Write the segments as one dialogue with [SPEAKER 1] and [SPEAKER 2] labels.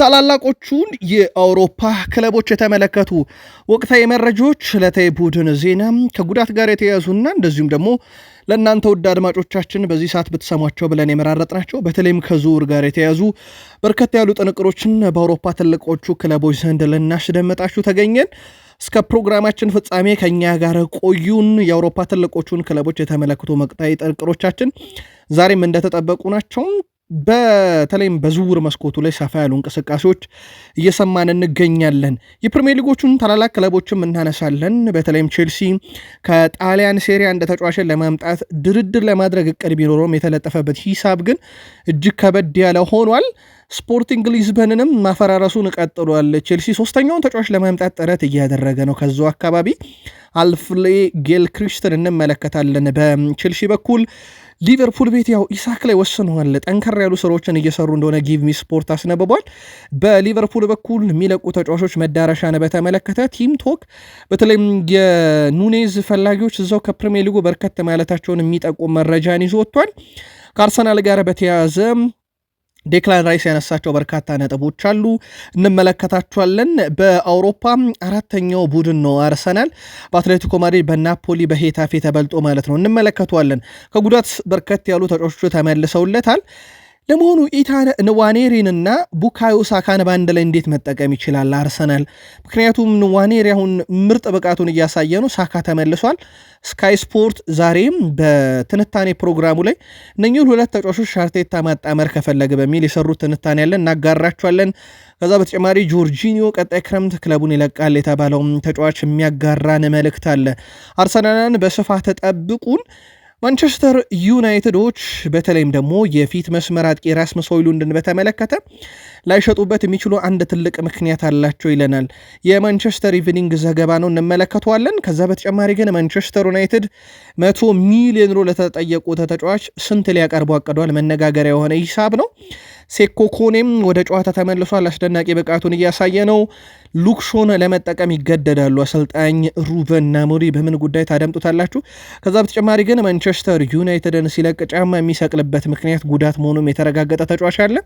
[SPEAKER 1] ታላላቆቹን የአውሮፓ ክለቦች የተመለከቱ ወቅታዊ መረጃዎች፣ ዕለታዊ ቡድን ዜና፣ ከጉዳት ጋር የተያያዙና እንደዚሁም ደግሞ ለእናንተ ውድ አድማጮቻችን በዚህ ሰዓት ብትሰሟቸው ብለን የመራረጥናቸው በተለይም ከዝውውር ጋር የተያያዙ በርከት ያሉ ጥንቅሮችን በአውሮፓ ትልቆቹ ክለቦች ዘንድ ልናስደምጣችሁ ተገኘን። እስከ ፕሮግራማችን ፍጻሜ ከኛ ጋር ቆዩን። የአውሮፓ ትልቆቹን ክለቦች የተመለክቱ ወቅታዊ ጥንቅሮቻችን ዛሬም እንደተጠበቁ ናቸው። በተለይም በዝውውር መስኮቱ ላይ ሰፋ ያሉ እንቅስቃሴዎች እየሰማን እንገኛለን። የፕሪሚየር ሊጎቹን ታላላቅ ክለቦችም እናነሳለን። በተለይም ቼልሲ ከጣሊያን ሴሪያ እንደ ተጫዋችን ለማምጣት ድርድር ለማድረግ እቅድ ቢኖረውም የተለጠፈበት ሂሳብ ግን እጅግ ከበድ ያለ ሆኗል። ስፖርቲንግ ሊዝበንንም ማፈራረሱን ቀጥሏል። ቼልሲ ሶስተኛውን ተጫዋች ለማምጣት ጥረት እያደረገ ነው። ከዛው አካባቢ አልፍሌ ጌል ክሪስትን እንመለከታለን። በቼልሲ በኩል ሊቨርፑል ቤት ያው ኢሳክ ላይ ወስነዋል። ጠንከር ያሉ ስራዎችን እየሰሩ እንደሆነ ሚ ስፖርት አስነብቧል። በሊቨርፑል በኩል የሚለቁ ተጫዋቾች መዳረሻን በተመለከተ ቲም ቶክ በተለይም የኑኔዝ ፈላጊዎች እዛው ከፕሪሚየር ሊጉ በርከት ማለታቸውን የሚጠቁም መረጃን ይዞ ወጥቷል። ከአርሰናል ጋር በተያያዘ ዴክላን ራይስ ያነሳቸው በርካታ ነጥቦች አሉ፣ እንመለከታቸዋለን። በአውሮፓ አራተኛው ቡድን ነው አርሰናል በአትሌቲኮ ማድሪድ፣ በናፖሊ፣ በሄታፌ ተበልጦ ማለት ነው። እንመለከተዋለን። ከጉዳት በርከት ያሉ ተጫዋቾች ተመልሰውለታል። ለመሆኑ ኢታነ ንዋኔሪንና ቡካዮ ሳካን በአንድ ላይ እንዴት መጠቀም ይችላል አርሰናል? ምክንያቱም ንዋኔሪ አሁን ምርጥ ብቃቱን እያሳየ ነው፣ ሳካ ተመልሷል። ስካይ ስፖርት ዛሬም በትንታኔ ፕሮግራሙ ላይ እነኚህን ሁለት ተጫዋቾች አርቴታ ማጣመር ከፈለገ በሚል የሰሩት ትንታኔ ያለን እናጋራቸዋለን። ከዛ በተጨማሪ ጆርጂኒዮ ቀጣይ ክረምት ክለቡን ይለቃል የተባለውም ተጫዋች የሚያጋራን መልእክት አለ። አርሰናልን በስፋት ተጠብቁን። ማንቸስተር ዩናይትዶች በተለይም ደግሞ የፊት መስመር አጥቂ ራስመስ ሆይሉንድን በተመለከተ ላይሸጡበት የሚችሉ አንድ ትልቅ ምክንያት አላቸው ይለናል የማንቸስተር ኢቭኒንግ ዘገባ ነው፣ እንመለከተዋለን። ከዛ በተጨማሪ ግን ማንቸስተር ዩናይትድ መቶ ሚሊዮን ዩሮ ለተጠየቁ ተጫዋች ስንት ሊያቀርቡ አቅዷል? መነጋገሪያ የሆነ ሂሳብ ነው። ሴኮኮኔም ወደ ጨዋታ ተመልሷል። አስደናቂ ብቃቱን እያሳየ ነው። ሉክሾን ለመጠቀም ይገደዳሉ። አሰልጣኝ ሩበን አሞሪም በምን ጉዳይ ታደምጡታላችሁ። ከዛ በተጨማሪ ግን ማንቸስተር ዩናይትድን ሲለቅ ጫማ የሚሰቅልበት ምክንያት ጉዳት መሆኑም የተረጋገጠ ተጫዋች አለ።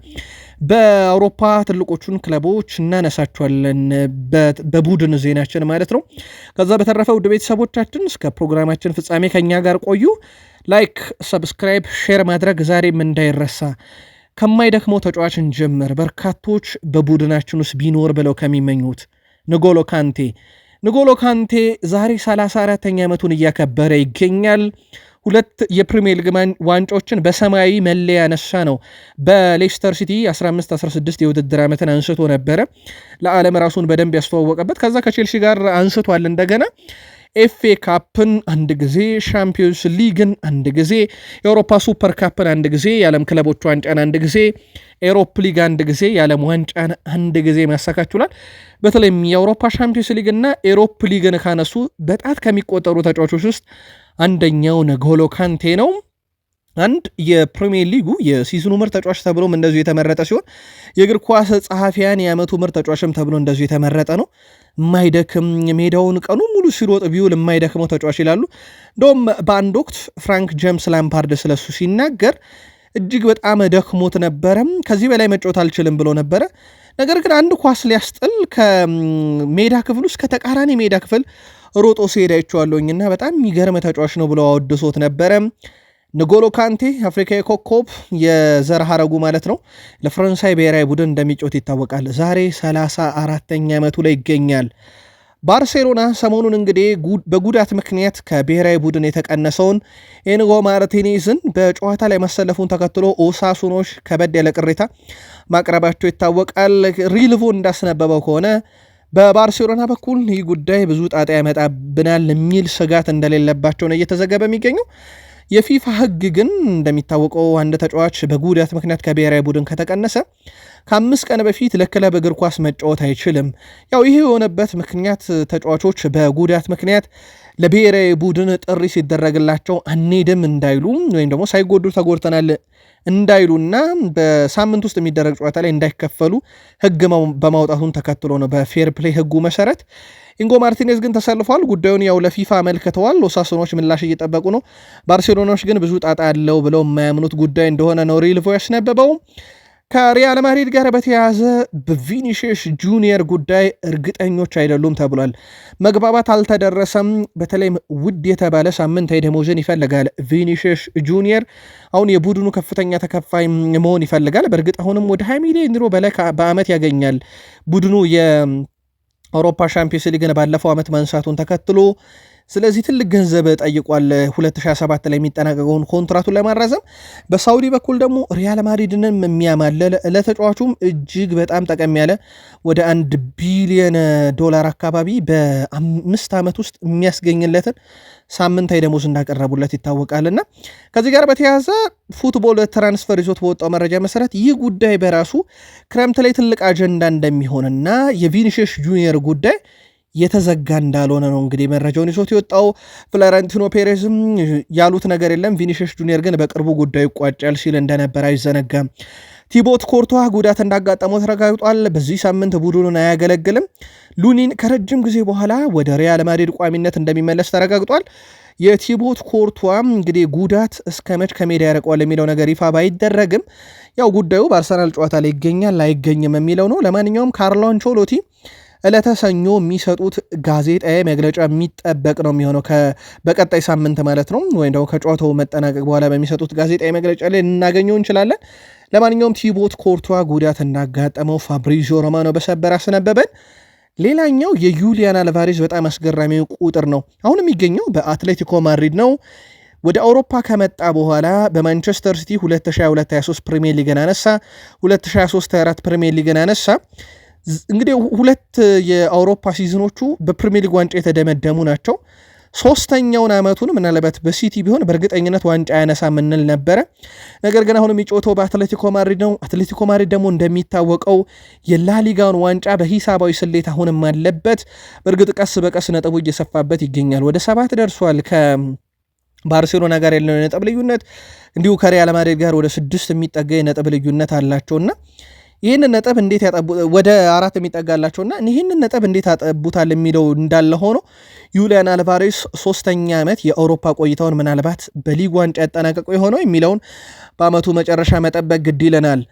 [SPEAKER 1] በአውሮፓ ትልቆቹን ክለቦች እናነሳቸዋለን በቡድን ዜናችን ማለት ነው። ከዛ በተረፈ ውድ ቤተሰቦቻችን እስከ ፕሮግራማችን ፍጻሜ ከኛ ጋር ቆዩ። ላይክ፣ ሰብስክራይብ፣ ሼር ማድረግ ዛሬም እንዳይረሳ። ከማይደክመው ተጫዋች እንጀምር። በርካቶች በቡድናችን ውስጥ ቢኖር ብለው ከሚመኙት ንጎሎ ካንቴ ንጎሎ ካንቴ ዛሬ 34ተኛ ዓመቱን እያከበረ ይገኛል። ሁለት የፕሪሚየር ሊግ ዋንጫዎችን በሰማያዊ መለያ ያነሳ ነው። በሌስተር ሲቲ 1516 የውድድር ዓመትን አንስቶ ነበረ ለዓለም ራሱን በደንብ ያስተዋወቀበት። ከዛ ከቼልሲ ጋር አንስቷል እንደገና ኤፍኤ ካፕን አንድ ጊዜ፣ ሻምፒዮንስ ሊግን አንድ ጊዜ፣ የአውሮፓ ሱፐር ካፕን አንድ ጊዜ፣ የዓለም ክለቦች ዋንጫን አንድ ጊዜ፣ ኤሮፕ ሊግ አንድ ጊዜ፣ የዓለም ዋንጫን አንድ ጊዜ ማሳካት ችሏል። በተለይም የአውሮፓ ሻምፒዮንስ ሊግና ኤሮፕ ሊግን ካነሱ በጣት ከሚቆጠሩ ተጫዋቾች ውስጥ አንደኛው ንጎሎ ካንቴ ነው። አንድ የፕሪሚየር ሊጉ የሲዝኑ ምርጥ ተጫዋች ተብሎም እንደዚሁ የተመረጠ ሲሆን የእግር ኳስ ጸሐፊያን የዓመቱ ምርጥ ተጫዋችም ተብሎ እንደዚሁ የተመረጠ ነው። የማይደክም ሜዳውን ቀኑ ሙሉ ሲሮጥ ቢውል የማይደክመው ተጫዋች ይላሉ። እንደውም በአንድ ወቅት ፍራንክ ጄምስ ላምፓርድ ስለሱ ሲናገር እጅግ በጣም ደክሞት ነበረም፣ ከዚህ በላይ መጫወት አልችልም ብሎ ነበረ። ነገር ግን አንድ ኳስ ሊያስጥል ከሜዳ ክፍል ውስጥ ከተቃራኒ ሜዳ ክፍል ሮጦ ሲሄድ አይቼዋለሁኝና በጣም የሚገርም ተጫዋች ነው ብለው አወድሶት ነበረ። ንጎሎ ካንቴ አፍሪካዊ ኮከብ የዘር ሀረጉ ማለት ነው ለፈረንሳይ ብሔራዊ ቡድን እንደሚጮት ይታወቃል። ዛሬ 34 ተኛ ዓመቱ ላይ ይገኛል። ባርሴሎና ሰሞኑን እንግዲህ በጉዳት ምክንያት ከብሔራዊ ቡድን የተቀነሰውን ኤንጎ ማርቲኒዝን በጨዋታ ላይ መሰለፉን ተከትሎ ኦሳሱኖች ከበድ ያለ ቅሬታ ማቅረባቸው ይታወቃል። ሪልቮ እንዳስነበበው ከሆነ በባርሴሎና በኩል ይህ ጉዳይ ብዙ ጣጣ ያመጣብናል የሚል ስጋት እንደሌለባቸው ነው እየተዘገበ የሚገኘው። የፊፋ ህግ ግን እንደሚታወቀው አንድ ተጫዋች በጉዳት ምክንያት ከብሔራዊ ቡድን ከተቀነሰ ከአምስት ቀን በፊት ለክለብ እግር ኳስ መጫወት አይችልም። ያው ይህ የሆነበት ምክንያት ተጫዋቾች በጉዳት ምክንያት ለብሔራዊ ቡድን ጥሪ ሲደረግላቸው አንሄድም እንዳይሉ ወይም ደግሞ ሳይጎዱ ተጎድተናል እንዳይሉና በሳምንት ውስጥ የሚደረግ ጨዋታ ላይ እንዳይከፈሉ ህግ በማውጣቱን ተከትሎ ነው በፌር ፕሌይ መሰረት ኢንጎ ማርቲኔዝ ግን ተሰልፏል። ጉዳዩን ያው ለፊፋ መልክተዋል ኦሳሱኖች ምላሽ እየጠበቁ ነው። ባርሴሎናዎች ግን ብዙ ጣጣ ያለው ብለው የማያምኑት ጉዳይ እንደሆነ ነው ሪልቮ ያስነበበው። ከሪያል ማድሪድ ጋር በተያያዘ በቪኒሽሽ ጁኒየር ጉዳይ እርግጠኞች አይደሉም ተብሏል። መግባባት አልተደረሰም። በተለይም ውድ የተባለ ሳምንታዊ ደሞዝን ይፈልጋል። ቪኒሽሽ ጁኒየር አሁን የቡድኑ ከፍተኛ ተከፋይ መሆን ይፈልጋል። በእርግጥ አሁንም ወደ 20 ሚሊዮን ዩሮ በላይ በዓመት ያገኛል ቡድኑ አውሮፓ ሻምፒዮንስ ሊግን ባለፈው ዓመት ማንሳቱን ተከትሎ ስለዚህ ትልቅ ገንዘብ ጠይቋል 2027 ላይ የሚጠናቀቀውን ኮንትራቱን ለማራዘም። በሳውዲ በኩል ደግሞ ሪያል ማድሪድንም የሚያማለል ለተጫዋቹም እጅግ በጣም ጠቀም ያለ ወደ አንድ ቢሊየን ዶላር አካባቢ በአምስት ዓመት ውስጥ የሚያስገኝለትን ሳምንታዊ ደሞዝ እንዳቀረቡለት ይታወቃልና ከዚህ ጋር በተያያዘ ፉትቦል ትራንስፈር ይዞት በወጣው መረጃ መሰረት ይህ ጉዳይ በራሱ ክረምት ላይ ትልቅ አጀንዳ እንደሚሆንና የቪኒሽስ ጁኒየር ጉዳይ የተዘጋ እንዳልሆነ ነው እንግዲህ መረጃውን ይዞት የወጣው። ፍሎረንቲኖ ፔሬዝም ያሉት ነገር የለም። ቪኒሽስ ጁኒየር ግን በቅርቡ ጉዳዩ ይቋጫል ሲል እንደነበር አይዘነጋም። ቲቦት ኮርቷ ጉዳት እንዳጋጠመው ተረጋግጧል። በዚህ ሳምንት ቡድኑን አያገለግልም። ሉኒን ከረጅም ጊዜ በኋላ ወደ ሪያል ማድሪድ ቋሚነት እንደሚመለስ ተረጋግጧል። የቲቦት ኮርቷ እንግዲህ ጉዳት እስከ መች ከሜዳ ያርቀዋል የሚለው ነገር ይፋ ባይደረግም ያው ጉዳዩ በአርሰናል ጨዋታ ላይ ይገኛል አይገኝም የሚለው ነው። ለማንኛውም ካርሎ ዕለተ ሰኞ የሚሰጡት ጋዜጣዊ መግለጫ የሚጠበቅ ነው የሚሆነው በቀጣይ ሳምንት ማለት ነው፣ ወይም ደግሞ ከጨዋታው መጠናቀቅ በኋላ በሚሰጡት ጋዜጣዊ መግለጫ ላይ ልናገኘው እንችላለን። ለማንኛውም ቲቦት ኮርቷ ጉዳት እንዳጋጠመው ፋብሪዚዮ ሮማኖ በሰበር አስነበበን። ሌላኛው የዩሊያን አልቫሬዝ በጣም አስገራሚ ቁጥር ነው። አሁን የሚገኘው በአትሌቲኮ ማድሪድ ነው። ወደ አውሮፓ ከመጣ በኋላ በማንቸስተር ሲቲ 2022/23 ፕሪሚየር ሊግን አነሳ፣ 2023/24 ፕሪሚየር ሊግን አነሳ። እንግዲህ ሁለት የአውሮፓ ሲዝኖቹ በፕሪሚየር ሊግ ዋንጫ የተደመደሙ ናቸው። ሶስተኛውን ዓመቱን ምናልባት በሲቲ ቢሆን በእርግጠኝነት ዋንጫ ያነሳ የምንል ነበረ። ነገር ግን አሁን የሚጫወተው በአትሌቲኮ ማድሪድ ነው። አትሌቲኮ ማድሪድ ደግሞ እንደሚታወቀው የላሊጋውን ዋንጫ በሂሳባዊ ስሌት አሁንም አለበት። በእርግጥ ቀስ በቀስ ነጥቡ እየሰፋበት ይገኛል። ወደ ሰባት ደርሷል ከ ባርሴሎና ጋር ያለው የነጥብ ልዩነት እንዲሁ ከሪያል ማድሪድ ጋር ወደ ስድስት የሚጠጋ የነጥብ ልዩነት አላቸውና ይህንን ነጥብ እንዴት ያጠቡ ወደ አራት የሚጠጋላቸው የሚጠጋላቸውና ይህንን ነጥብ እንዴት ያጠቡታል የሚለው እንዳለ ሆኖ ዩሊያን አልቫሬስ ሶስተኛ ዓመት የአውሮፓ ቆይታውን ምናልባት በሊግ ዋንጫ ያጠናቀቁ የሆነው የሚለውን በአመቱ መጨረሻ መጠበቅ ግድ ይለናል።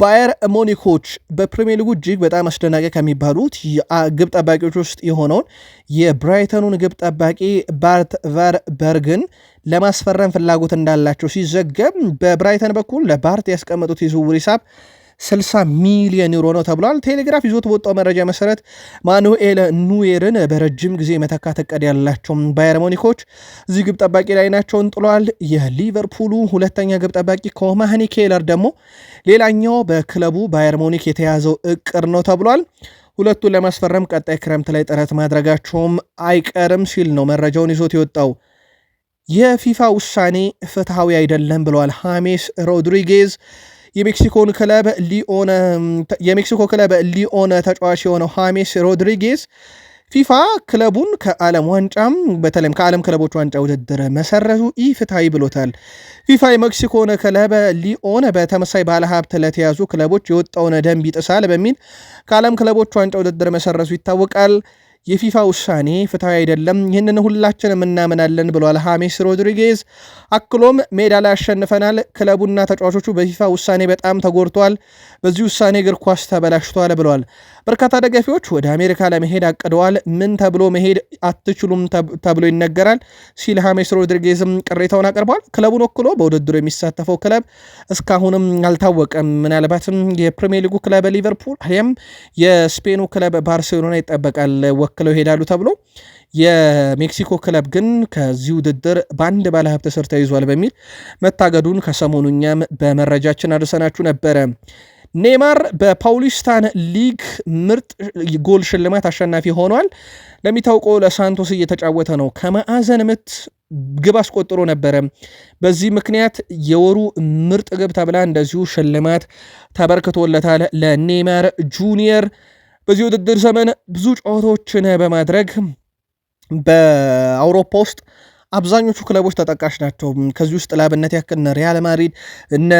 [SPEAKER 1] ባየር ሞኒኮች በፕሪሚየር ሊጉ እጅግ በጣም አስደናቂ ከሚባሉት ግብ ጠባቂዎች ውስጥ የሆነውን የብራይተኑን ግብ ጠባቂ ባርት ቨር በርግን ለማስፈረም ፍላጎት እንዳላቸው ሲዘገብ፣ በብራይተን በኩል ለባርት ያስቀመጡት የዝውውር ሂሳብ 60 ሚሊዮን ዩሮ ነው ተብሏል። ቴሌግራፍ ይዞት በወጣው መረጃ መሰረት ማኑኤል ኑዌርን በረጅም ጊዜ መተካት እቅድ ያላቸው ባየር ሙኒኮች እዚህ ግብ ጠባቂ ላይ ናቸውን ጥሏል። የሊቨርፑሉ ሁለተኛ ግብ ጠባቂ ኮማህኒ ኬለር ደግሞ ሌላኛው በክለቡ ባየር ሙኒክ የተያዘው እቅድ ነው ተብሏል። ሁለቱን ለማስፈረም ቀጣይ ክረምት ላይ ጥረት ማድረጋቸውም አይቀርም ሲል ነው መረጃውን ይዞት የወጣው። የፊፋ ውሳኔ ፍትሐዊ አይደለም ብለዋል ሐሜስ ሮድሪጌዝ የሜክሲኮን ክለብ ሊኦነ የሜክሲኮ ክለብ ሊኦነ ተጫዋች የሆነው ሃሜስ ሮድሪጌዝ ፊፋ ክለቡን ከዓለም ዋንጫም በተለይም ከዓለም ክለቦች ዋንጫ ውድድር መሰረቱ ኢፍትሐዊ ብሎታል። ፊፋ የሜክሲኮን ክለብ ሊኦን በተመሳይ ባለሀብት ለተያዙ ክለቦች የወጣውን ደንብ ይጥሳል በሚል ከዓለም ክለቦች ዋንጫ ውድድር መሰረቱ ይታወቃል። የፊፋ ውሳኔ ፍትሐዊ አይደለም፣ ይህንን ሁላችንም እናምናለን ብሏል ሐሜስ ሮድሪጌዝ። አክሎም ሜዳ ላይ አሸንፈናል፣ ክለቡና ተጫዋቾቹ በፊፋ ውሳኔ በጣም ተጎድቷል፣ በዚህ ውሳኔ እግር ኳስ ተበላሽቷል ብሏል። በርካታ ደጋፊዎች ወደ አሜሪካ ለመሄድ አቅደዋል። ምን ተብሎ መሄድ አትችሉም ተብሎ ይነገራል ሲል ሀሜስ ሮድሪጌዝም ቅሬታውን አቅርቧል። ክለቡን ወክሎ በውድድሩ የሚሳተፈው ክለብ እስካሁንም አልታወቀም። ምናልባትም የፕሪሚየር ሊጉ ክለብ ሊቨርፑል አሊያም የስፔኑ ክለብ ባርሴሎና ይጠበቃል ወክለው ይሄዳሉ ተብሎ የሜክሲኮ ክለብ ግን ከዚህ ውድድር በአንድ ባለሀብት ስር ተይዟል በሚል መታገዱን ከሰሞኑኛም በመረጃችን አድርሰናችሁ ነበረ። ኔማር በፓውሊስታን ሊግ ምርጥ ጎል ሽልማት አሸናፊ ሆኗል። ለሚታውቀው ለሳንቶስ እየተጫወተ ነው። ከማዕዘን ምት ግብ አስቆጥሮ ነበረ። በዚህ ምክንያት የወሩ ምርጥ ግብ ተብላ እንደዚሁ ሽልማት ተበርክቶለታል ለኔማር ጁኒየር። በዚህ ውድድር ዘመን ብዙ ጨዋታዎችን በማድረግ በአውሮፓ ውስጥ አብዛኞቹ ክለቦች ተጠቃሽ ናቸው። ከዚህ ውስጥ ላብነት ያክል እነ ሪያል ማድሪድ፣ እነ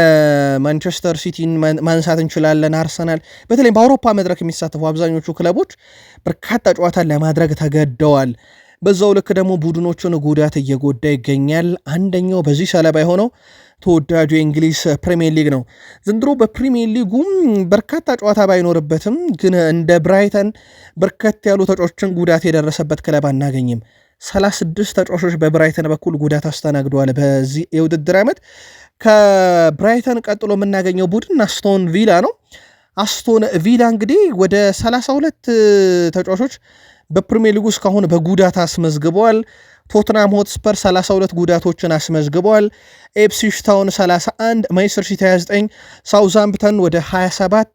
[SPEAKER 1] ማንቸስተር ሲቲን ማንሳት እንችላለን። አርሰናል በተለይ በአውሮፓ መድረክ የሚሳተፉ አብዛኞቹ ክለቦች በርካታ ጨዋታ ለማድረግ ተገደዋል። በዛው ልክ ደግሞ ቡድኖቹን ጉዳት እየጎዳ ይገኛል። አንደኛው በዚህ ሰለባ የሆነው ተወዳጁ የእንግሊዝ ፕሪሚየር ሊግ ነው። ዘንድሮ በፕሪሚየር ሊጉም በርካታ ጨዋታ ባይኖርበትም ግን እንደ ብራይተን በርከት ያሉ ተጫዋቾችን ጉዳት የደረሰበት ክለብ አናገኝም። 36 ተጫዋቾች በብራይተን በኩል ጉዳት አስተናግደዋል። በዚህ የውድድር ዓመት ከብራይተን ቀጥሎ የምናገኘው ቡድን አስቶን ቪላ ነው። አስቶን ቪላ እንግዲህ ወደ 32 ተጫዋቾች በፕሪሚየር ሊጉ እስካሁን በጉዳት አስመዝግበዋል። ቶትናም ሆትስፐር 32 ጉዳቶችን አስመዝግበዋል። ኤፕሲሽ ታውን 31፣ ማይስተር ሲቲ 29፣ ሳውዛምፕተን ወደ 27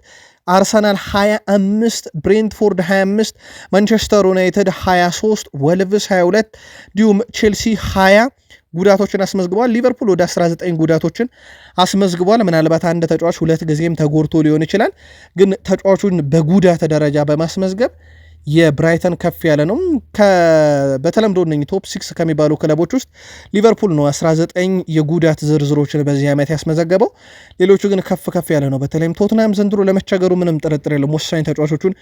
[SPEAKER 1] አርሰናል 25፣ ብሬንትፎርድ 25፣ ማንቸስተር ዩናይትድ 23፣ ወልቭስ 22 እንዲሁም ቼልሲ 20 ጉዳቶችን አስመዝግቧል። ሊቨርፑል ወደ 19 ጉዳቶችን አስመዝግቧል። ምናልባት አንድ ተጫዋች ሁለት ጊዜም ተጎድቶ ሊሆን ይችላል። ግን ተጫዋቹን በጉዳት ደረጃ በማስመዝገብ የብራይተን ከፍ ያለ ነው። በተለምዶ ነኝ ቶፕ ሲክስ ከሚባሉ ክለቦች ውስጥ ሊቨርፑል ነው 19 የጉዳት ዝርዝሮችን በዚህ ዓመት ያስመዘገበው። ሌሎቹ ግን ከፍ ከፍ ያለ ነው። በተለይም ቶትናም ዘንድሮ ለመቸገሩ ምንም ጥርጥር የለም። ወሳኝ ተጫዋቾቹን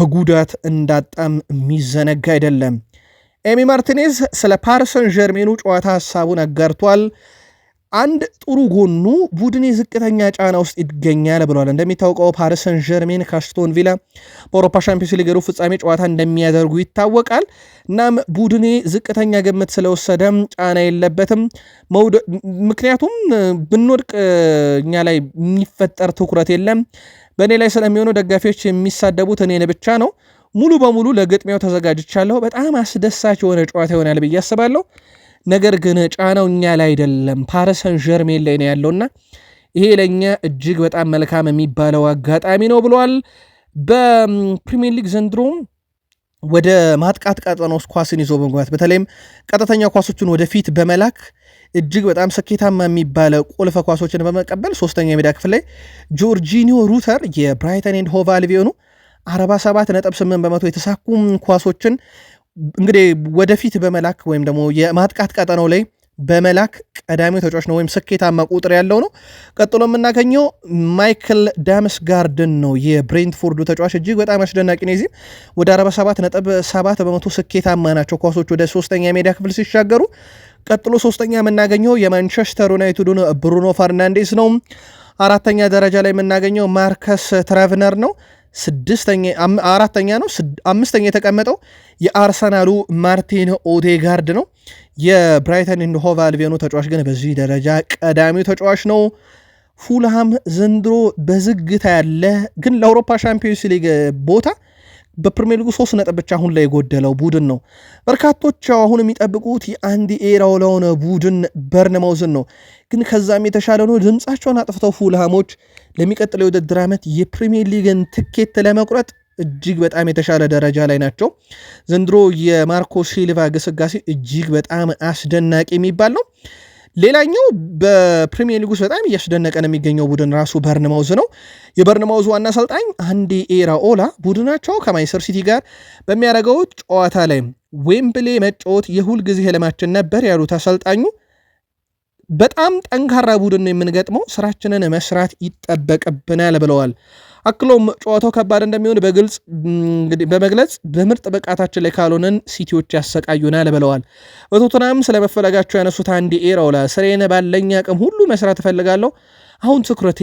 [SPEAKER 1] በጉዳት እንዳጣም የሚዘነጋ አይደለም። ኤሚ ማርቲኔዝ ስለ ፓርሰን ጀርሜኑ ጨዋታ ሀሳቡን አጋርቷል። አንድ ጥሩ ጎኑ ቡድኔ ዝቅተኛ ጫና ውስጥ ይገኛል ብለዋል። እንደሚታወቀው ፓሪስ ሰን ዠርሜን ካስቶን ቪላ በአውሮፓ ሻምፒዮንስ ሊግ ሩብ ፍጻሜ ጨዋታ እንደሚያደርጉ ይታወቃል። እናም ቡድኔ ዝቅተኛ ግምት ስለወሰደም ጫና የለበትም። ምክንያቱም ብንወድቅ እኛ ላይ የሚፈጠር ትኩረት የለም። በእኔ ላይ ስለሚሆነው ደጋፊዎች የሚሳደቡት እኔን ብቻ ነው። ሙሉ በሙሉ ለግጥሚያው ተዘጋጅቻለሁ። በጣም አስደሳች የሆነ ጨዋታ ይሆናል ብዬ አስባለሁ። ነገር ግን ጫናው እኛ ላይ አይደለም ፓሪሰን ጀርሜን ላይ ነው ያለውና ይሄ ለእኛ እጅግ በጣም መልካም የሚባለው አጋጣሚ ነው ብሏል። በፕሪሚየር ሊግ ዘንድሮም ወደ ማጥቃት ቀጠና ውስጥ ኳስን ይዞ በመግባት በተለይም ቀጥተኛ ኳሶችን ወደፊት በመላክ እጅግ በጣም ስኬታማ የሚባለ ቁልፈ ኳሶችን በመቀበል ሶስተኛ የሜዳ ክፍል ላይ ጆርጂኒዮ ሩተር የብራይተን ኤንድ ሆቭ አልቢዮኑ 47.8 በመቶ የተሳኩ ኳሶችን እንግዲህ ወደፊት በመላክ ወይም ደግሞ የማጥቃት ቀጠናው ላይ በመላክ ቀዳሚው ተጫዋች ነው ወይም ስኬታማ ቁጥር ያለው ነው። ቀጥሎ የምናገኘው ማይክል ዳምስ ጋርድን ነው የብሬንትፎርዱ ተጫዋች እጅግ በጣም አስደናቂ ነው። ዚህም ወደ 47 ነጥብ 7 በመቶ ስኬታማ ናቸው ኳሶች ወደ ሶስተኛ የሜዳ ክፍል ሲሻገሩ። ቀጥሎ ሶስተኛ የምናገኘው የማንቸስተር ዩናይትዱን ብሩኖ ፈርናንዴስ ነው። አራተኛ ደረጃ ላይ የምናገኘው ማርከስ ትራቭነር ነው። ስድስተኛ አራተኛ ነው። አምስተኛ የተቀመጠው የአርሰናሉ ማርቲን ኦዴጋርድ ነው። የብራይተን ኤንድ ሆቭ አልቢዮኑ ተጫዋች ግን በዚህ ደረጃ ቀዳሚው ተጫዋች ነው። ፉልሃም ዘንድሮ በዝግታ ያለ ግን ለአውሮፓ ሻምፒዮንስ ሊግ ቦታ በፕሪሚየር ሊጉ ሶስት ነጥብ ብቻ አሁን ላይ የጎደለው ቡድን ነው። በርካቶች አሁን የሚጠብቁት የአንዲ ለሆነ ቡድን በርነማውዝን ነው። ግን ከዛም የተሻለ ነው ድምፃቸውን አጥፍተው ፉልሃሞች ለሚቀጥለው የውድድር ዓመት የፕሪሚየር ሊግን ትኬት ለመቁረጥ እጅግ በጣም የተሻለ ደረጃ ላይ ናቸው። ዘንድሮ የማርኮ ሲልቫ ግስጋሴ እጅግ በጣም አስደናቂ የሚባል ነው። ሌላኛው በፕሪሚየር ሊጉ በጣም እያስደነቀ ነው የሚገኘው ቡድን ራሱ በርንማውዝ ነው። የበርንማውዝ ዋና አሰልጣኝ አንዲ ኦላ ቡድናቸው ከማንቸስተር ሲቲ ጋር በሚያደርገው ጨዋታ ላይ ዌምብሌ መጫወት የሁልጊዜ ህልማችን ነበር ያሉት አሰልጣኙ በጣም ጠንካራ ቡድን ነው የምንገጥመው፣ ስራችንን መስራት ይጠበቅብናል ብለዋል። አክሎም ጨዋታው ከባድ እንደሚሆን በግልጽ በመግለጽ በምርጥ ብቃታችን ላይ ካልሆነን ሲቲዎች ያሰቃዩናል ብለዋል። በቶትናም ስለመፈለጋቸው ያነሱት አንድ ኤራውላ ስሬን ባለኝ አቅም ሁሉ መስራት እፈልጋለሁ፣ አሁን ትኩረቴ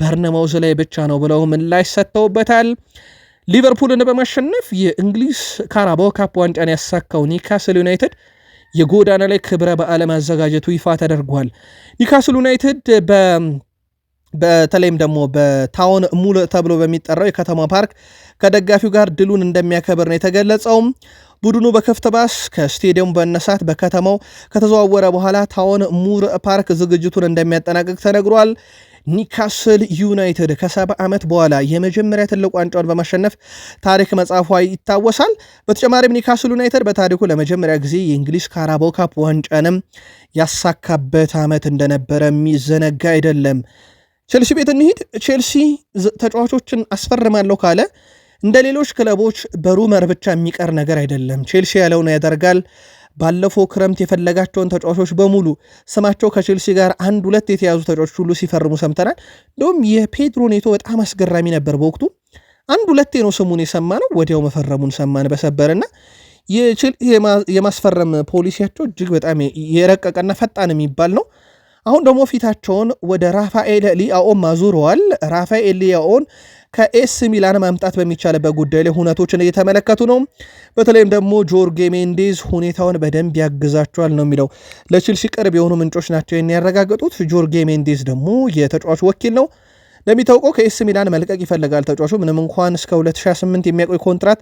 [SPEAKER 1] በርነማውዝ ላይ ብቻ ነው ብለው ምላሽ ሰጥተውበታል። ሊቨርፑልን በማሸነፍ የእንግሊዝ ካራባው ካፕ ዋንጫን ያሳካው ኒካስል ዩናይትድ የጎዳና ላይ ክብረ በዓለ ማዘጋጀቱ ይፋ ተደርጓል። ኒካስል ዩናይትድ በ በተለይም ደግሞ በታውን ሙል ተብሎ በሚጠራው የከተማ ፓርክ ከደጋፊው ጋር ድሉን እንደሚያከብር ነው የተገለጸው። ቡድኑ በክፍት ባስ ከስቴዲየሙ በነሳት በከተማው ከተዘዋወረ በኋላ ታውን ሙር ፓርክ ዝግጅቱን እንደሚያጠናቅቅ ተነግሯል። ኒካስል ዩናይትድ ከሰባ ዓመት በኋላ የመጀመሪያ ትልቅ ዋንጫውን በማሸነፍ ታሪክ መጻፏ ይታወሳል። በተጨማሪም ኒካስል ዩናይትድ በታሪኩ ለመጀመሪያ ጊዜ የእንግሊዝ ካራባው ካፕ ዋንጫንም ያሳካበት ዓመት እንደነበረ የሚዘነጋ አይደለም። ቼልሲ ቤት እንሂድ። ቼልሲ ተጫዋቾችን አስፈርማለሁ ካለ እንደ ሌሎች ክለቦች በሩመር ብቻ የሚቀር ነገር አይደለም። ቼልሲ ያለውን ያደርጋል። ባለፈው ክረምት የፈለጋቸውን ተጫዋቾች በሙሉ ስማቸው ከቼልሲ ጋር አንድ ሁለት የተያዙ ተጫዋቾች ሁሉ ሲፈርሙ ሰምተናል። እንደውም የፔድሮ ኔቶ በጣም አስገራሚ ነበር። በወቅቱ አንድ ሁለቴ ነው ስሙን የሰማ ነው፣ ወዲያው መፈረሙን ሰማን በሰበርና የማስፈረም ፖሊሲያቸው እጅግ በጣም የረቀቀና ፈጣን የሚባል ነው። አሁን ደግሞ ፊታቸውን ወደ ራፋኤል ሊያኦን ማዙረዋል። ራፋኤል ሊያኦን ከኤስ ሚላን ማምጣት በሚቻልበት ጉዳይ ላይ ሁነቶችን እየተመለከቱ ነው። በተለይም ደግሞ ጆርጌ ሜንዴዝ ሁኔታውን በደንብ ያግዛቸዋል ነው የሚለው። ለቼልሲ ቅርብ የሆኑ ምንጮች ናቸው ያረጋገጡት። ጆርጌ ሜንዴዝ ደግሞ የተጫዋች ወኪል ነው። እንደሚታወቀው ከኤስ ሚላን መልቀቅ ይፈልጋል ተጫዋቹ ምንም እንኳን እስከ 2028 የሚያቆይ ኮንትራት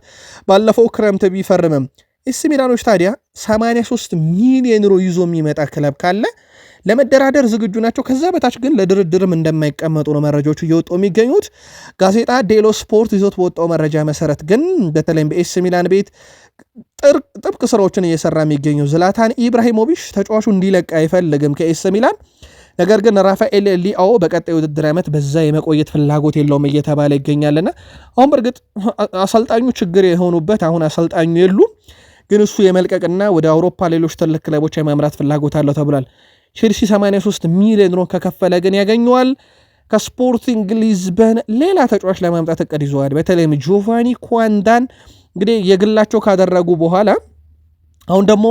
[SPEAKER 1] ባለፈው ክረምት ቢፈርምም ኤስ ሚላኖች ታዲያ 83 ሚሊዮን ዩሮ ይዞ የሚመጣ ክለብ ካለ ለመደራደር ዝግጁ ናቸው። ከዛ በታች ግን ለድርድርም እንደማይቀመጡ ነው መረጃዎቹ እየወጡ የሚገኙት። ጋዜጣ ዴሎ ስፖርት ይዞት በወጣው መረጃ መሰረት ግን በተለይም በኤስ ሚላን ቤት ጥብቅ ስራዎችን እየሰራ የሚገኘው ዝላታን ኢብራሂሞቪች ተጫዋቹ እንዲለቅ አይፈልግም ከኤስ ሚላን ነገር ግን ራፋኤል ሊአዎ በቀጣይ ውድድር ዓመት በዛ የመቆየት ፍላጎት የለውም እየተባለ ይገኛልና አሁን በእርግጥ አሰልጣኙ ችግር የሆኑበት አሁን አሰልጣኙ የሉም፣ ግን እሱ የመልቀቅና ወደ አውሮፓ ሌሎች ትልቅ ክለቦች የማምራት ፍላጎት አለው ተብሏል። ቼልሲ 83 ሚሊዮን ዩሮ ከከፈለ ግን ያገኘዋል። ከስፖርቲንግ ሊዝበን ሌላ ተጫዋች ለማምጣት እቅድ ይዘዋል። በተለይም ጆቫኒ ኳንዳን እንግዲህ የግላቸው ካደረጉ በኋላ አሁን ደግሞ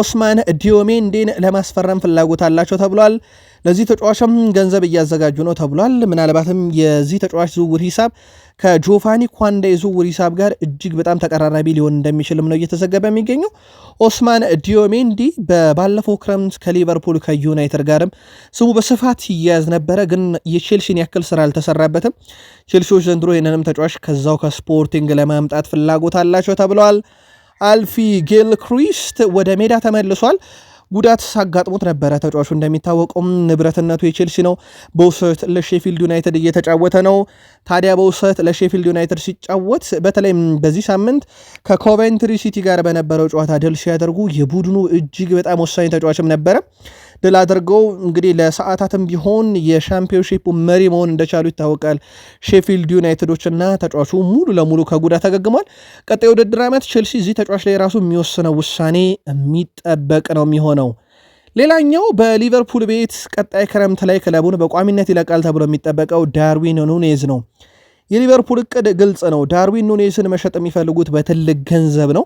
[SPEAKER 1] ኦስማን ዲዮሜንዴን ለማስፈረም ፍላጎት አላቸው ተብሏል። ለዚህ ተጫዋችም ገንዘብ እያዘጋጁ ነው ተብሏል። ምናልባትም የዚህ ተጫዋች ዝውውር ሂሳብ ከጆቫኒ ኳንዳ የዝውውር ሂሳብ ጋር እጅግ በጣም ተቀራራቢ ሊሆን እንደሚችልም ነው እየተዘገበ የሚገኘው። ኦስማን ዲዮሜንዲ በባለፈው ክረምት ከሊቨርፑል ከዩናይትድ ጋርም ስሙ በስፋት ይያያዝ ነበረ፣ ግን የቼልሲን ያክል ስራ አልተሰራበትም። ቼልሲዎች ዘንድሮ ይህንንም ተጫዋች ከዛው ከስፖርቲንግ ለማምጣት ፍላጎት አላቸው ተብለዋል። አልፊ ጌልክሪስት ወደ ሜዳ ተመልሷል። ጉዳት አጋጥሞት ነበረ። ተጫዋቹ እንደሚታወቀውም ንብረትነቱ የቼልሲ ነው። በውሰት ለሼፊልድ ዩናይትድ እየተጫወተ ነው። ታዲያ በውሰት ለሼፊልድ ዩናይትድ ሲጫወት በተለይም በዚህ ሳምንት ከኮቨንትሪ ሲቲ ጋር በነበረው ጨዋታ ድል ሲያደርጉ የቡድኑ እጅግ በጣም ወሳኝ ተጫዋችም ነበረ። ድል አድርገው እንግዲህ ለሰዓታትም ቢሆን የሻምፒዮንሺፕ መሪ መሆን እንደቻሉ ይታወቃል። ሼፊልድ ዩናይትዶችና ተጫዋቹ ሙሉ ለሙሉ ከጉዳት ተገግሟል። ቀጣይ ውድድር ዓመት ቼልሲ እዚህ ተጫዋች ላይ ራሱ የሚወስነው ውሳኔ የሚጠበቅ ነው የሚሆነው። ሌላኛው በሊቨርፑል ቤት ቀጣይ ክረምት ላይ ክለቡን በቋሚነት ይለቃል ተብሎ የሚጠበቀው ዳርዊን ኑኔዝ ነው። የሊቨርፑል እቅድ ግልጽ ነው። ዳርዊን ኑኔስን መሸጥ የሚፈልጉት በትልቅ ገንዘብ ነው።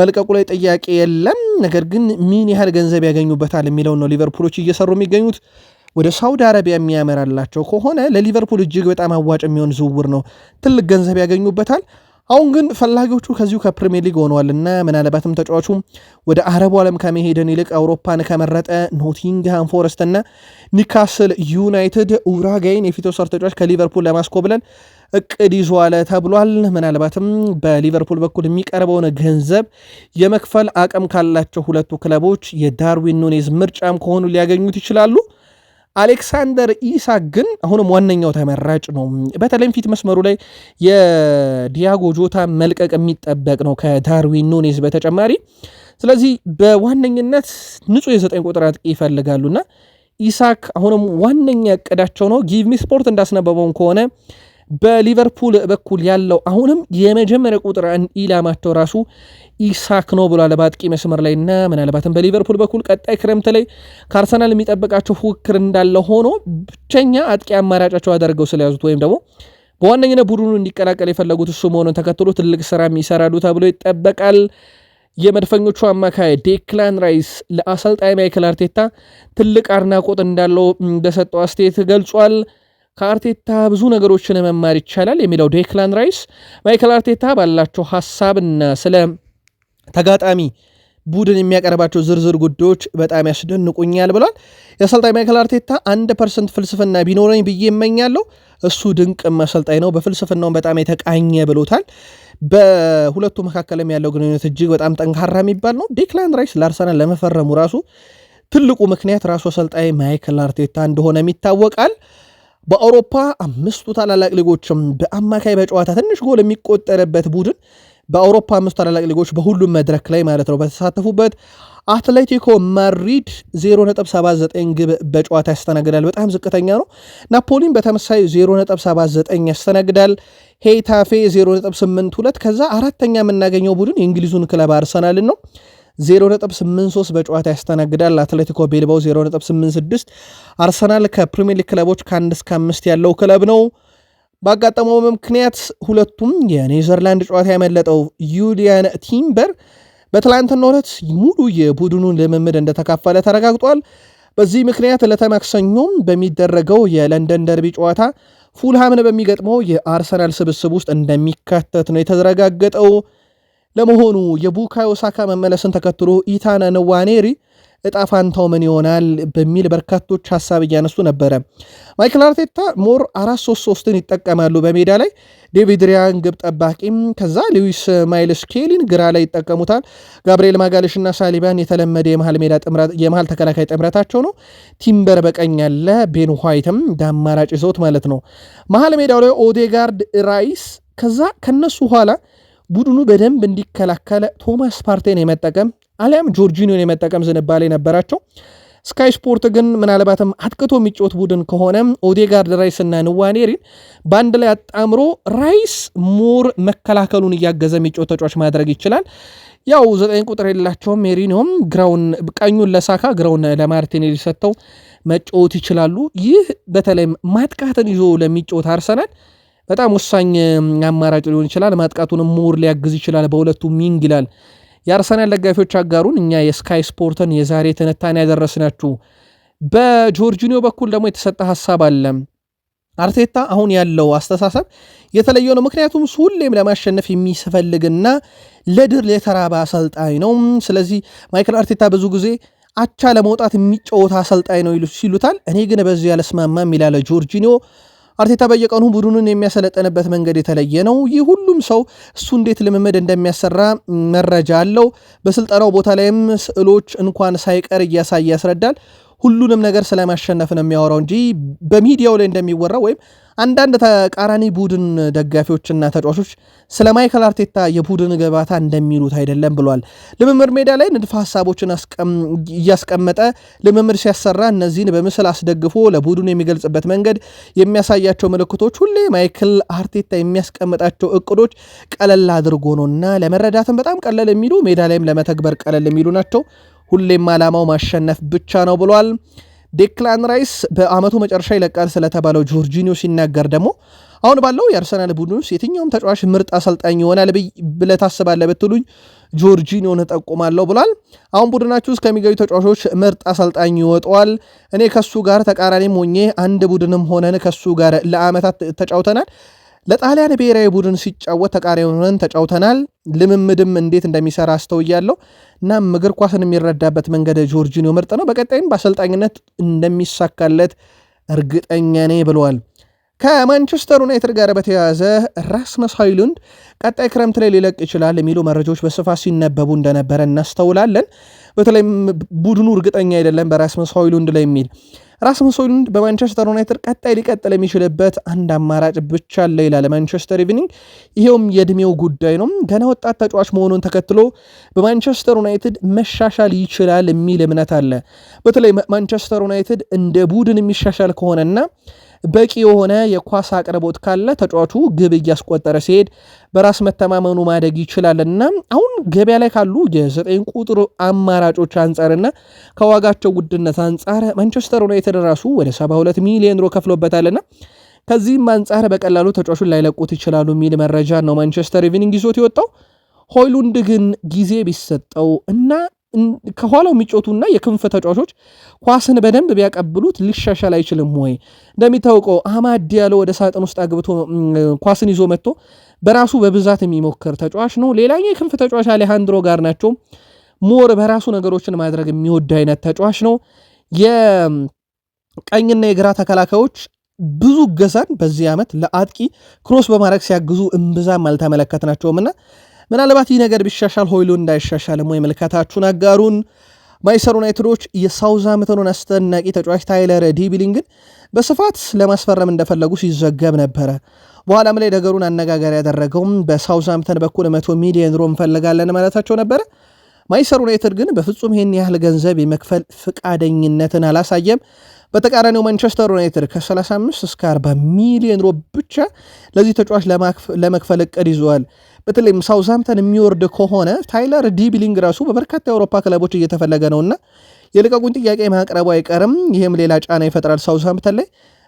[SPEAKER 1] መልቀቁ ላይ ጥያቄ የለም። ነገር ግን ምን ያህል ገንዘብ ያገኙበታል የሚለውን ነው ሊቨርፑሎች እየሰሩ የሚገኙት። ወደ ሳውዲ አረቢያ የሚያመራላቸው ከሆነ ለሊቨርፑል እጅግ በጣም አዋጭ የሚሆን ዝውውር ነው። ትልቅ ገንዘብ ያገኙበታል። አሁን ግን ፈላጊዎቹ ከዚሁ ከፕሪሚየር ሊግ ሆነዋልና ምናልባትም ተጫዋቹ ወደ አረቡ ዓለም ከመሄድን ይልቅ አውሮፓን ከመረጠ ኖቲንግሃም ፎረስትና ኒካስል ዩናይትድ ኡራጋይን የፊት ተጫዋች ከሊቨርፑል ብለን እቅድ ይዟል ተብሏል። ምናልባትም በሊቨርፑል በኩል የሚቀርበውን ገንዘብ የመክፈል አቅም ካላቸው ሁለቱ ክለቦች የዳርዊን ኑኔዝ ምርጫም ከሆኑ ሊያገኙት ይችላሉ። አሌክሳንደር ኢሳክ ግን አሁንም ዋነኛው ተመራጭ ነው። በተለይም ፊት መስመሩ ላይ የዲያጎ ጆታ መልቀቅ የሚጠበቅ ነው ከዳርዊን ኑኔዝ በተጨማሪ። ስለዚህ በዋነኝነት ንጹህ የዘጠኝ ቁጥር አጥቂ ይፈልጋሉና ኢሳክ አሁንም ዋነኛ እቅዳቸው ነው። ጊቭ ሚ ስፖርት እንዳስነበበውን ከሆነ በሊቨርፑል በኩል ያለው አሁንም የመጀመሪያ ቁጥር ኢላማቸው ራሱ ኢሳክ ነው ብሏል። በአጥቂ መስመር ላይ እና ምናልባትም በሊቨርፑል በኩል ቀጣይ ክረምት ላይ ከአርሰናል የሚጠበቃቸው ፉክክር እንዳለ ሆኖ ብቸኛ አጥቂ አማራጫቸው አደርገው ስለያዙት ወይም ደግሞ በዋነኝነት ቡድኑ እንዲቀላቀል የፈለጉት እሱ መሆኑን ተከትሎ ትልቅ ስራ ይሰራሉ ተብሎ ይጠበቃል። የመድፈኞቹ አማካይ ዴክላን ራይስ ለአሰልጣኝ ማይክል አርቴታ ትልቅ አድናቆት እንዳለው እንደሰጠው አስተያየት ገልጿል። ከአርቴታ ብዙ ነገሮችን መማር ይቻላል የሚለው ዴክላን ራይስ ማይክል አርቴታ ባላቸው ሀሳብና ስለ ተጋጣሚ ቡድን የሚያቀርባቸው ዝርዝር ጉዳዮች በጣም ያስደንቁኛል ብሏል። የአሰልጣኝ ማይክል አርቴታ አንድ ፐርሰንት ፍልስፍና ቢኖረኝ ብዬ እመኛለሁ። እሱ ድንቅም አሰልጣኝ ነው፣ በፍልስፍናውን በጣም የተቃኘ ብሎታል። በሁለቱ መካከልም ያለው ግንኙነት እጅግ በጣም ጠንካራ የሚባል ነው። ዴክላን ራይስ ለአርሰናል ለመፈረሙ ራሱ ትልቁ ምክንያት ራሱ አሰልጣኝ ማይክል አርቴታ እንደሆነም ይታወቃል። በአውሮፓ አምስቱ ታላላቅ ሊጎችም በአማካይ በጨዋታ ትንሽ ጎል የሚቆጠርበት ቡድን በአውሮፓ አምስቱ ታላላቅ ሊጎች በሁሉም መድረክ ላይ ማለት ነው በተሳተፉበት አትሌቲኮ ማድሪድ 0.79 ግብ በጨዋታ ያስተናግዳል። በጣም ዝቅተኛ ነው። ናፖሊን በተመሳይ 0.79 ያስተናግዳል። ሄታፌ 0.82። ከዛ አራተኛ የምናገኘው ቡድን የእንግሊዙን ክለብ አርሰናልን ነው 0.83 በጨዋታ ያስተናግዳል። አትሌቲኮ ቤልባው 0.86። አርሰናል ከፕሪሚየር ሊግ ክለቦች ከአንድ እስከ አምስት ያለው ክለብ ነው። ባጋጠመው ምክንያት ሁለቱም የኔዘርላንድ ጨዋታ ያመለጠው ዩሊያን ቲምበር በትላንትናው ዕለት ሙሉ የቡድኑን ልምምድ እንደተካፈለ ተረጋግጧል። በዚህ ምክንያት ለተማክሰኞም በሚደረገው የለንደን ደርቢ ጨዋታ ፉልሃምን በሚገጥመው የአርሰናል ስብስብ ውስጥ እንደሚካተት ነው የተረጋገጠው። ለመሆኑ የቡካዮ ሳካ መመለስን ተከትሎ ኢታና ነዋኔሪ እጣ ምን ይሆናል በሚል በርካቶች ሀሳብ እያነሱ ነበረ። ማይክል አርቴታ ሞር አራት ሶስት ሶስትን ይጠቀማሉ በሜዳ ላይ ዴቪድ ሪያን ግብ ጠባቂም፣ ከዛ ሉዊስ ማይልስ ኬሊን ግራ ላይ ይጠቀሙታል። ጋብርኤል ማጋለሽና ሳሊባን የተለመደ የመሃል ተከላካይ ጥምረታቸው ነው። ቲምበር በቀኝ ያለ ቤን ዋይትም ዳማራጭ ይዘውት ማለት ነው። መሀል ሜዳው ላይ ኦዴጋርድ፣ ራይስ ከዛ ከነሱ ኋላ ቡድኑ በደንብ እንዲከላከለ ቶማስ ፓርቴን የመጠቀም አሊያም ጆርጂኒዮን የመጠቀም ዝንባሌ ነበራቸው። ስካይ ስፖርት ግን ምናልባትም አጥቅቶ የሚጫወት ቡድን ከሆነ ኦዴጋርድ ራይስ እና ንዋኔሪን በአንድ ላይ አጣምሮ ራይስ ሞር መከላከሉን እያገዘ የሚጫወት ተጫዋች ማድረግ ይችላል። ያው ዘጠኝ ቁጥር የላቸውም። ሜሪኒዮም ግራውን ቀኙን ለሳካ ግራውን ለማርቲኔሊ ሰጥተው መጫወት ይችላሉ። ይህ በተለይም ማጥቃትን ይዞ ለሚጫወት አርሰናል በጣም ወሳኝ አማራጭ ሊሆን ይችላል። ማጥቃቱንም ምሁር ሊያግዝ ይችላል። በሁለቱም ሚንግ ይላል። የአርሰናል ደጋፊዎች አጋሩን። እኛ የስካይ ስፖርትን የዛሬ ትንታኔ ያደረስናችሁ። በጆርጂኒዮ በኩል ደግሞ የተሰጠ ሀሳብ አለ። አርቴታ አሁን ያለው አስተሳሰብ የተለየ ነው። ምክንያቱም ሁሌም ለማሸነፍ የሚፈልግና ለድል የተራበ አሰልጣኝ ነው። ስለዚህ ማይክል አርቴታ ብዙ ጊዜ አቻ ለመውጣት የሚጫወት አሰልጣኝ ነው ሲሉታል። እኔ ግን በዚህ ያለስማማም ይላለ ጆርጂኒዮ አርቴታ በየቀኑ ቡድኑን የሚያሰለጠንበት መንገድ የተለየ ነው። ይህ ሁሉም ሰው እሱ እንዴት ልምምድ እንደሚያሰራ መረጃ አለው። በስልጠናው ቦታ ላይም ስዕሎች እንኳን ሳይቀር እያሳየ ያስረዳል። ሁሉንም ነገር ስለማሸነፍ ነው የሚያወራው እንጂ በሚዲያው ላይ እንደሚወራው ወይም አንዳንድ ተቃራኒ ቡድን ደጋፊዎችና ተጫዋቾች ስለ ማይክል አርቴታ የቡድን ገባታ እንደሚሉት አይደለም ብሏል። ልምምድ ሜዳ ላይ ንድፈ ሀሳቦችን እያስቀመጠ ልምምድ ሲያሰራ እነዚህን በምስል አስደግፎ ለቡድኑ የሚገልጽበት መንገድ፣ የሚያሳያቸው ምልክቶች፣ ሁሌ ማይክል አርቴታ የሚያስቀምጣቸው እቅዶች ቀለል አድርጎ ነው እና ለመረዳትም በጣም ቀለል የሚሉ ሜዳ ላይም ለመተግበር ቀለል የሚሉ ናቸው። ሁሌም ዓላማው ማሸነፍ ብቻ ነው ብሏል። ዴክላን ራይስ በአመቱ መጨረሻ ይለቃል ስለተባለው ጆርጂኒዮ ሲናገር ደግሞ አሁን ባለው የአርሰናል ቡድን ውስጥ የትኛውም ተጫዋች ምርጥ አሰልጣኝ ይሆናል ብለህ ታስባለህ ብትሉኝ ጆርጂኒዮን እጠቁማለሁ ብሏል። አሁን ቡድናችሁ ውስጥ ከሚገኙ ተጫዋቾች ምርጥ አሰልጣኝ ይወጠዋል። እኔ ከሱ ጋር ተቃራኒም ሆኜ አንድ ቡድንም ሆነን ከሱ ጋር ለአመታት ተጫውተናል። ለጣሊያን ብሔራዊ ቡድን ሲጫወት ተቃራኒ ተጫውተናል። ልምምድም እንዴት እንደሚሰራ አስተውያለሁ። እናም እግር ኳስን የሚረዳበት መንገድ ጆርጂኒዮ ምርጥ ነው። በቀጣይም በአሰልጣኝነት እንደሚሳካለት እርግጠኛ ነኝ ብለዋል። ከማንቸስተር ዩናይትድ ጋር በተያያዘ ራስመስ ሆይሉንድ ቀጣይ ክረምት ላይ ሊለቅ ይችላል የሚሉ መረጃዎች በስፋት ሲነበቡ እንደነበረ እናስተውላለን። በተለይም ቡድኑ እርግጠኛ አይደለም በራስመስ ሆይሉንድ ላይ የሚል ራስመስ ሆይሉንድ በማንቸስተር ዩናይትድ ቀጣይ ሊቀጥል የሚችልበት አንድ አማራጭ ብቻ አለ ይላል ማንቸስተር ኢቭኒንግ። ይኸውም የእድሜው ጉዳይ ነው። ገና ወጣት ተጫዋች መሆኑን ተከትሎ በማንቸስተር ዩናይትድ መሻሻል ይችላል የሚል እምነት አለ። በተለይ ማንቸስተር ዩናይትድ እንደ ቡድን የሚሻሻል ከሆነና በቂ የሆነ የኳስ አቅርቦት ካለ ተጫዋቹ ግብ እያስቆጠረ ሲሄድ በራስ መተማመኑ ማደግ ይችላል ይችላልና አሁን ገበያ ላይ ካሉ የዘጠኝ ቁጥር አማራጮች አንጻርና ከዋጋቸው ውድነት አንጻር ማንቸስተር ዩናይትድ ራሱ ወደ 72 ሚሊዮን ሮ ከፍሎበታልና ከዚህም አንጻር በቀላሉ ተጫዋቹን ላይለቁት ይችላሉ የሚል መረጃ ነው ማንቸስተር ኢቭኒንግ ይዞት የወጣው። ሆይሉንድ ግን ጊዜ ቢሰጠው እና ከኋላው የሚጮቱና የክንፍ ተጫዋቾች ኳስን በደንብ ቢያቀብሉት ሊሻሻል አይችልም ወይ? እንደሚታወቀው አማድ ያለው ወደ ሳጥን ውስጥ አግብቶ ኳስን ይዞ መጥቶ በራሱ በብዛት የሚሞክር ተጫዋች ነው። ሌላኛው የክንፍ ተጫዋች አሌሃንድሮ ጋር ናቸው። ሞር በራሱ ነገሮችን ማድረግ የሚወድ አይነት ተጫዋች ነው። የቀኝና የግራ ተከላካዮች ብዙ ገሳን በዚህ ዓመት ለአጥቂ ክሮስ በማድረግ ሲያግዙ እምብዛም አልተመለከትናቸውምና ምናልባት ይህ ነገር ቢሻሻል ሆይሉ እንዳይሻሻልም ወይ መልካታችሁን አጋሩን። ማይሰር ዩናይትዶች የሳውዛምተኑን አስደናቂ ተጫዋች ታይለር ዲቢሊንግን በስፋት ለማስፈረም እንደፈለጉ ሲዘገብ ነበረ። በኋላም ላይ ነገሩን አነጋገር ያደረገውም በሳውዛምተን በኩል መቶ ሚሊዮን ዩሮ እንፈልጋለን ማለታቸው ነበረ። ማይሰር ዩናይትድ ግን በፍጹም ይህን ያህል ገንዘብ የመክፈል ፍቃደኝነትን አላሳየም። በተቃራኒው ማንቸስተር ዩናይትድ ከ35 እስከ 40 ሚሊዮን ዩሮ ብቻ ለዚህ ተጫዋች ለመክፈል እቅድ ይዘዋል። በተለይም ሳውዝሃምተን የሚወርድ ከሆነ ታይለር ዲብሊንግ ራሱ በበርካታ የአውሮፓ ክለቦች እየተፈለገ ነውና የልቀቁን ጥያቄ ማቅረቡ አይቀርም። ይህም ሌላ ጫና ይፈጥራል ሳውዝሃምተን ላይ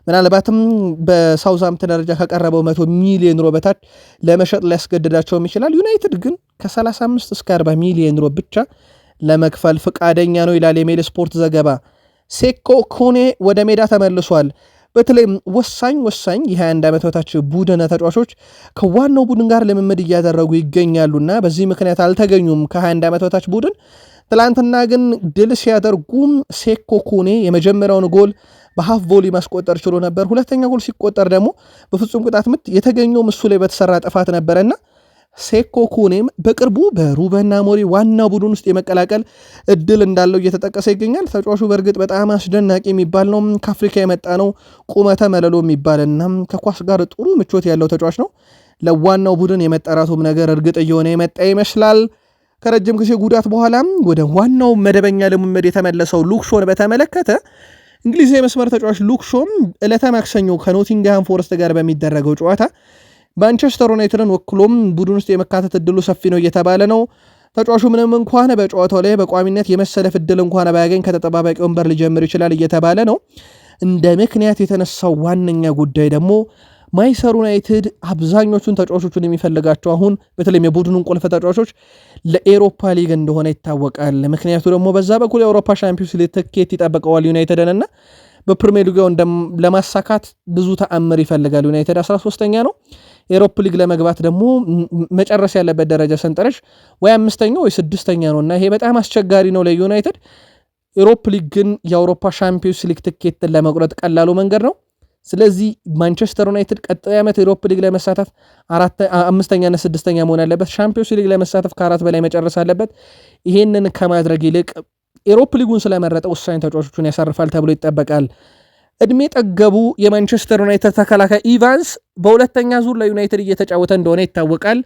[SPEAKER 1] ምናልባትም በሳውዝሃምተን ደረጃ ከቀረበው መቶ ሚሊዮን ሮ በታች ለመሸጥ ሊያስገድዳቸውም ይችላል። ዩናይትድ ግን ከ35 እስከ 40 ሚሊዮን ሮ ብቻ ለመክፈል ፈቃደኛ ነው ይላል የሜል ስፖርት ዘገባ። ሴኮ ኮኔ ወደ ሜዳ ተመልሷል። በተለይም ወሳኝ ወሳኝ የ21 ዓመት በታች ቡድን ተጫዋቾች ከዋናው ቡድን ጋር ልምምድ እያደረጉ ይገኛሉና በዚህ ምክንያት አልተገኙም ከ21 ዓመት በታች ቡድን። ትላንትና ግን ድል ሲያደርጉም ሴኮ ኩኔ የመጀመሪያውን ጎል በሀፍ ቮሊ ማስቆጠር ችሎ ነበር። ሁለተኛ ጎል ሲቆጠር ደግሞ በፍጹም ቅጣት ምት የተገኘው እሱ ላይ በተሰራ ጥፋት ነበረና ሴኮ ኩኔም በቅርቡ በሩበን ሞሪ ዋና ቡድን ውስጥ የመቀላቀል እድል እንዳለው እየተጠቀሰ ይገኛል። ተጫዋቹ በእርግጥ በጣም አስደናቂ የሚባል ነው። ከአፍሪካ የመጣ ነው። ቁመተ መለሎ የሚባልና ከኳስ ጋር ጥሩ ምቾት ያለው ተጫዋች ነው። ለዋናው ቡድን የመጠራቱም ነገር እርግጥ እየሆነ የመጣ ይመስላል። ከረጅም ጊዜ ጉዳት በኋላም ወደ ዋናው መደበኛ ልምምድ የተመለሰው ሉክሾን በተመለከተ እንግሊዝ የመስመር ተጫዋች ሉክሾም ዕለተ ማክሰኞ ከኖቲንግሃም ፎረስት ጋር በሚደረገው ጨዋታ ማንቸስተር ዩናይትድን ወክሎም ቡድን ውስጥ የመካተት እድሉ ሰፊ ነው እየተባለ ነው። ተጫዋቹ ምንም እንኳን በጨዋታው ላይ በቋሚነት የመሰለፍ እድል እንኳን ባያገኝ ከተጠባባቂ ወንበር ሊጀምር ይችላል እየተባለ ነው። እንደ ምክንያት የተነሳው ዋነኛ ጉዳይ ደግሞ ማይሰር ዩናይትድ አብዛኞቹን ተጫዋቾቹን የሚፈልጋቸው አሁን በተለይም የቡድኑን ቁልፍ ተጫዋቾች ለኤሮፓ ሊግ እንደሆነ ይታወቃል። ምክንያቱ ደግሞ በዛ በኩል የአውሮፓ ሻምፒዮንስ ሊግ ትኬት ይጠብቀዋል ዩናይትድንና በፕሪሜር ሊጉ ለማሳካት ብዙ ተአምር ይፈልጋል ዩናይትድ 13ኛ ነው። ኤሮፕ ሊግ ለመግባት ደግሞ መጨረስ ያለበት ደረጃ ሰንጠረዥ ወይ አምስተኛ ወይ ስድስተኛ ነው እና ይሄ በጣም አስቸጋሪ ነው ለዩናይትድ። ኤሮፕ ሊግ ግን የአውሮፓ ሻምፒዮንስ ሊግ ትኬትን ለመቁረጥ ቀላሉ መንገድ ነው። ስለዚህ ማንቸስተር ዩናይትድ ቀጣይ ዓመት ኤሮፕ ሊግ ለመሳተፍ አምስተኛና ስድስተኛ መሆን አለበት። ሻምፒዮንስ ሊግ ለመሳተፍ ከአራት በላይ መጨረስ አለበት። ይሄንን ከማድረግ ይልቅ ኤሮፕ ሊጉን ስለመረጠ ወሳኝ ተጫዋቾቹን ያሳርፋል ተብሎ ይጠበቃል። እድሜ ጠገቡ የማንቸስተር ዩናይትድ ተከላካይ ኢቫንስ በሁለተኛ ዙር ለዩናይትድ እየተጫወተ እንደሆነ ይታወቃል።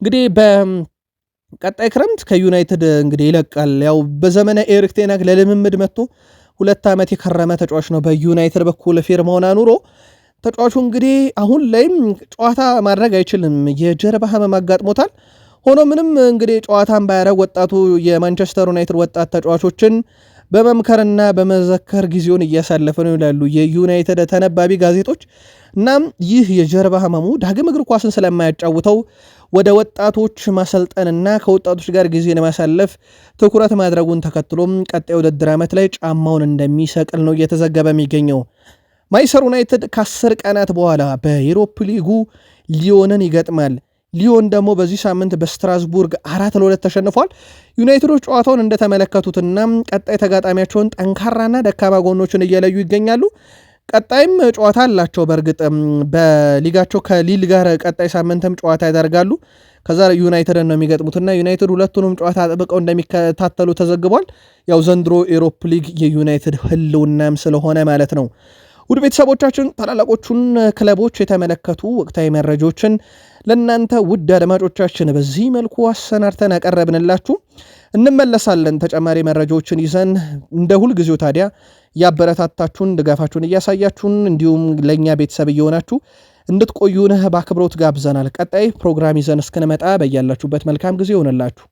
[SPEAKER 1] እንግዲህ በቀጣይ ክረምት ከዩናይትድ እንግዲህ ይለቃል። ያው በዘመነ ኤሪክ ቴናግ ለልምምድ መጥቶ ሁለት ዓመት የከረመ ተጫዋች ነው። በዩናይትድ በኩል ፊርማውን አኑሮ ተጫዋቹ እንግዲህ አሁን ላይም ጨዋታ ማድረግ አይችልም። የጀርባ ህመም አጋጥሞታል። ሆኖ ምንም እንግዲህ ጨዋታን ባያደረግ ወጣቱ የማንቸስተር ዩናይትድ ወጣት ተጫዋቾችን በመምከርና በመዘከር ጊዜውን እያሳለፈ ነው ይላሉ የዩናይትድ ተነባቢ ጋዜጦች። እናም ይህ የጀርባ ህመሙ ዳግም እግር ኳስን ስለማያጫውተው ወደ ወጣቶች ማሰልጠንና ከወጣቶች ጋር ጊዜ ማሳለፍ ትኩረት ማድረጉን ተከትሎም ቀጣይ ውድድር ዓመት ላይ ጫማውን እንደሚሰቅል ነው እየተዘገበ የሚገኘው። ማይሰር ዩናይትድ ከአስር ቀናት በኋላ በዩሮፕ ሊጉ ሊዮንን ይገጥማል። ሊዮን ደግሞ በዚህ ሳምንት በስትራስቡርግ አራት ለሁለት ተሸንፏል። ዩናይትዶች ጨዋታውን እንደተመለከቱትና ቀጣይ ተጋጣሚያቸውን ጠንካራና ደካማ ጎኖችን እየለዩ ይገኛሉ። ቀጣይም ጨዋታ አላቸው። በእርግጥ በሊጋቸው ከሊል ጋር ቀጣይ ሳምንትም ጨዋታ ያደርጋሉ። ከዛ ዩናይትድን ነው የሚገጥሙትና ዩናይትድ ሁለቱንም ጨዋታ አጥብቀው እንደሚከታተሉ ተዘግቧል። ያው ዘንድሮ ኤሮፕ ሊግ የዩናይትድ ህልውናም ስለሆነ ማለት ነው። ውድ ቤተሰቦቻችን ታላላቆቹን ክለቦች የተመለከቱ ወቅታዊ መረጃዎችን ለእናንተ ውድ አድማጮቻችን በዚህ መልኩ አሰናድተን ያቀረብንላችሁ። እንመለሳለን ተጨማሪ መረጃዎችን ይዘን። እንደ ሁልጊዜው ታዲያ ያበረታታችሁን፣ ድጋፋችሁን እያሳያችሁን እንዲሁም ለእኛ ቤተሰብ እየሆናችሁ እንድትቆዩን በአክብሮት ጋብዘናል። ቀጣይ ፕሮግራም ይዘን እስክንመጣ በያላችሁበት መልካም ጊዜ ይሆንላችሁ።